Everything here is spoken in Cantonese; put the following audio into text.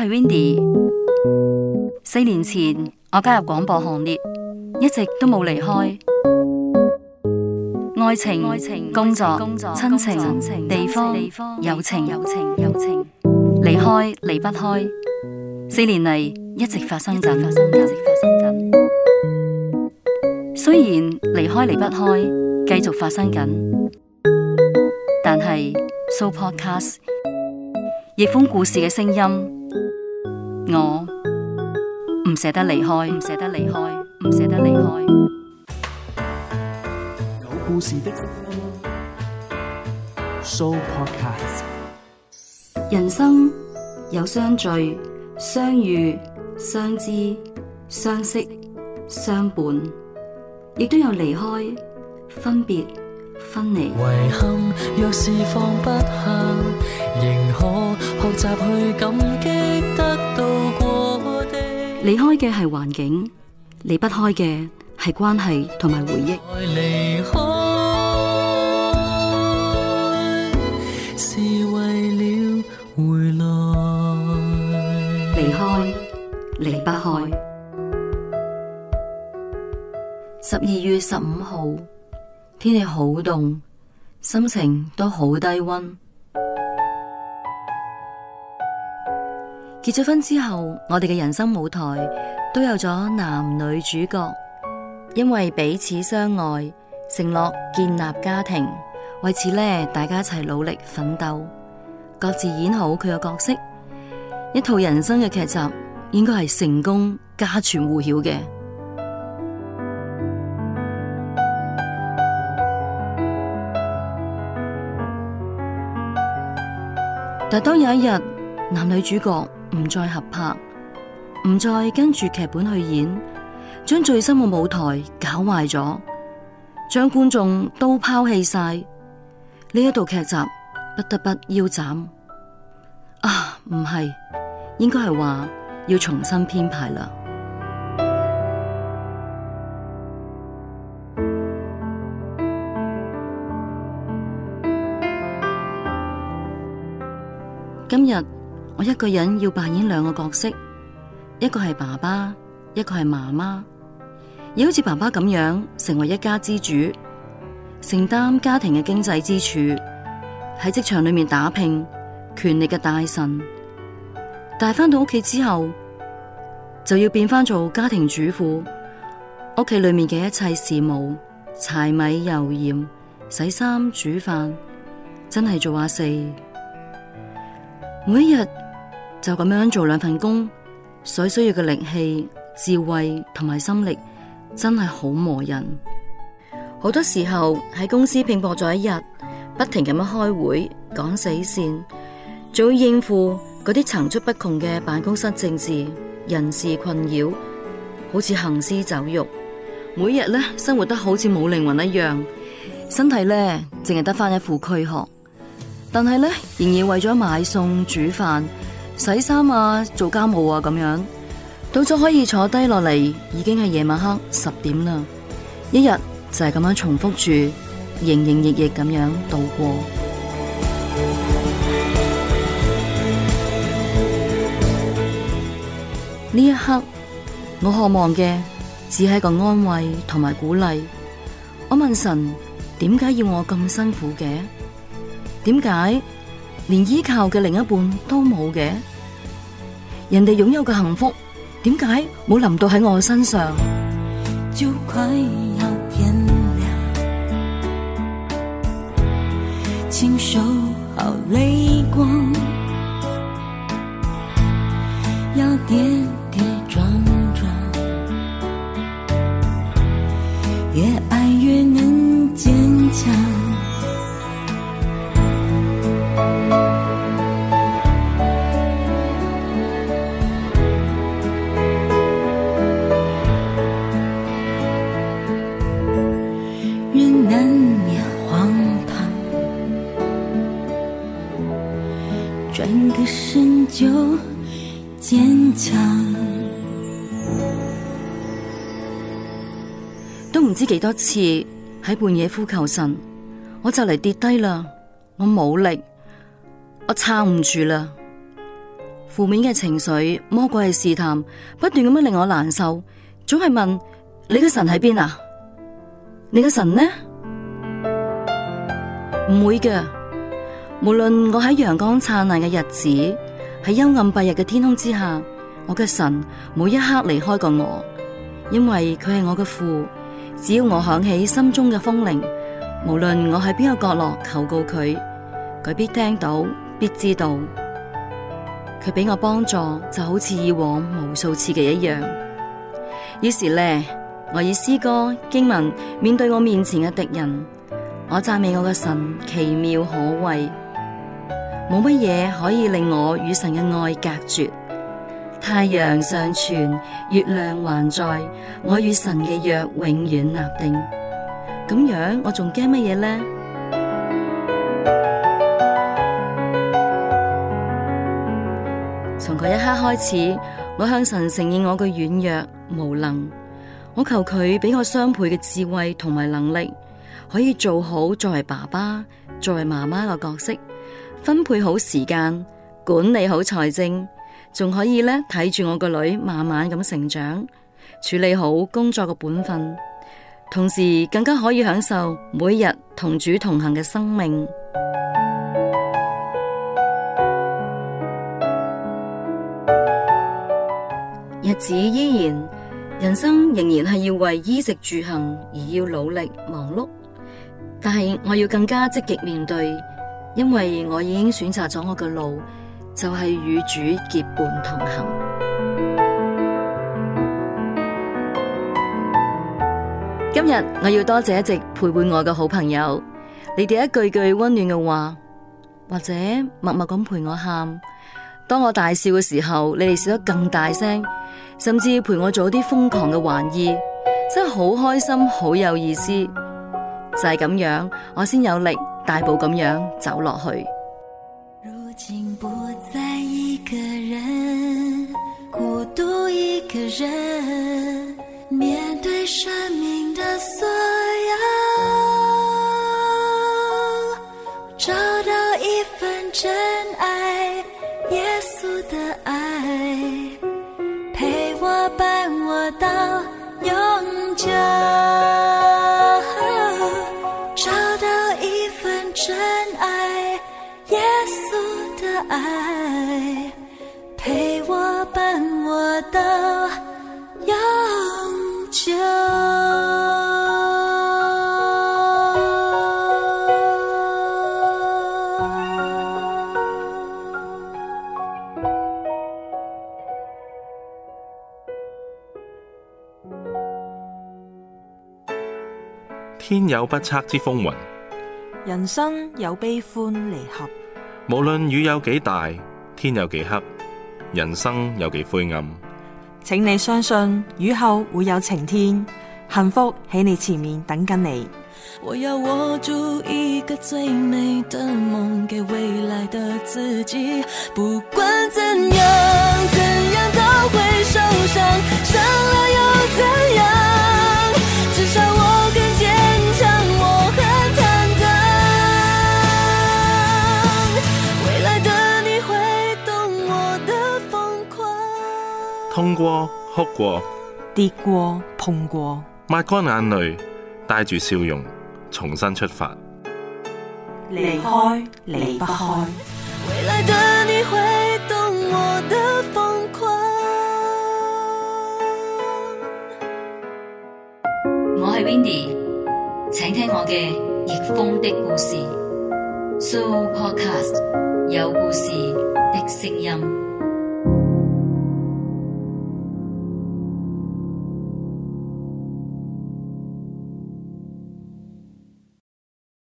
係 Windy，四年前我加入廣播行列，一直都冇離開愛情。愛情、工作、親情,情,情、地方、親情友情，離開離不開，四年嚟一直發生緊。雖然離開離不開，繼續發生緊，但係 So Podcast 逆風故事嘅聲音。我唔捨得離開，唔捨得離開，唔捨得離開。有故事的 So 人生有相聚、相遇、相知、相識、相伴，亦都有離開、分別、分離。遺憾若是放不下，仍可學習去感激。離開嘅係環境，離不開嘅係關係同埋回憶。離開離開,是為了回來。離開離不開。十二月十五號，天氣好凍，心情都好低温。結咗婚之後，我哋嘅人生舞台都有咗男女主角，因為彼此相愛，承諾建立家庭，為此呢，大家一齊努力奮鬥，各自演好佢嘅角色，一套人生嘅劇集應該係成功家傳戶曉嘅。但當有一日，男女主角。唔再合拍，唔再跟住劇本去演，將最新嘅舞台搞壞咗，將觀眾都拋棄晒，呢一度劇集不得不腰斬，啊，唔係，應該係話要重新編排啦。今日。我一個人要扮演兩個角色，一個係爸爸，一個係媽媽。又好似爸爸咁樣成為一家之主，承擔家庭嘅經濟支柱，喺職場裏面打拼，權力嘅大臣。但係翻到屋企之後，就要變翻做家庭主婦，屋企裏面嘅一切事務，柴米油鹽、洗衫煮飯，真係做阿四。每一日就咁樣做兩份工，所需要嘅力氣、智慧同埋心力真係好磨人。好多時候喺公司拼搏咗一日，不停咁樣開會趕死線，仲要應付嗰啲層出不窮嘅辦公室政治、人事困擾，好似行屍走肉。每日咧生活得好似冇靈魂一樣，身體咧淨係得返一副軀殼。但係咧，仍然為咗買餸、煮飯、洗衫啊、做家務啊咁樣，到咗可以坐低落嚟，已經係夜晚黑十點啦。一日就係咁樣重複住，營營役役咁樣度過。呢一刻，我渴望嘅只係個安慰同埋鼓勵。我問神：點解要我咁辛苦嘅？點解連依靠嘅另一半都冇嘅？人哋擁有嘅幸福，點解冇臨到喺我身上？就快要天亮，請收好淚光，轉個身就堅強都唔知幾多次喺半夜呼求神，我就嚟跌低啦，我冇力，我撐唔住啦。負面嘅情緒，魔鬼嘅試探，不斷咁樣令我難受，總係問你個神喺邊啊？你個神,神呢？唔會嘅。無論我喺陽光燦爛嘅日子，喺幽暗蔽日嘅天空之下，我嘅神冇一刻離開過我，因為佢係我嘅父。只要我響起心中嘅風鈴，無論我喺邊個角落求告佢，佢必聽到，必知道。佢俾我幫助就好似以往無數次嘅一樣。於是呢，我以詩歌經文面對我面前嘅敵人，我讚美我嘅神奇妙可畏。冇乜嘢可以令我與神嘅愛隔絕。太陽尚存，月亮還在，我與神嘅約永遠立定。咁樣我仲驚乜嘢呢？從嗰一刻開始，我向神承認我嘅軟弱無能。我求佢俾我雙倍嘅智慧同埋能力，可以做好作為爸爸、作為媽媽嘅角色。分配好時間，管理好財政，仲可以咧睇住我個女慢慢咁成長，處理好工作嘅本分，同時更加可以享受每日同主同行嘅生命。日子依然，人生仍然係要為衣食住行而要努力忙碌，但係我要更加積極面對。因為我已經選擇咗我嘅路，就係與主結伴同行。今日我要多謝一直陪伴我嘅好朋友，你哋一句句溫暖嘅話，或者默默咁陪我喊，當我大笑嘅時候，你哋笑得更大聲，甚至陪我做啲瘋狂嘅玩意，真係好開心，好有意思。就係咁樣，我先有力，大步咁樣走落去。如今不再一個人，孤獨一個人，面對生命的真愛耶穌的愛，陪我伴我到永久。天有不測之風雲。人生有悲歡離合，無論雨有幾大，天有幾黑，人生有幾灰暗，請你相信，雨後會有晴天，幸福喺你前面等緊你。我要握住一個最美的夢，給未來的自己，不管怎樣，怎樣。過，哭過，跌過，碰過，抹乾眼淚，帶住笑容，重新出發。離開，離不開。未來的你會懂我的瘋狂。我係 Windy，請聽我嘅逆風的故事。So Podcast 有故事的聲音。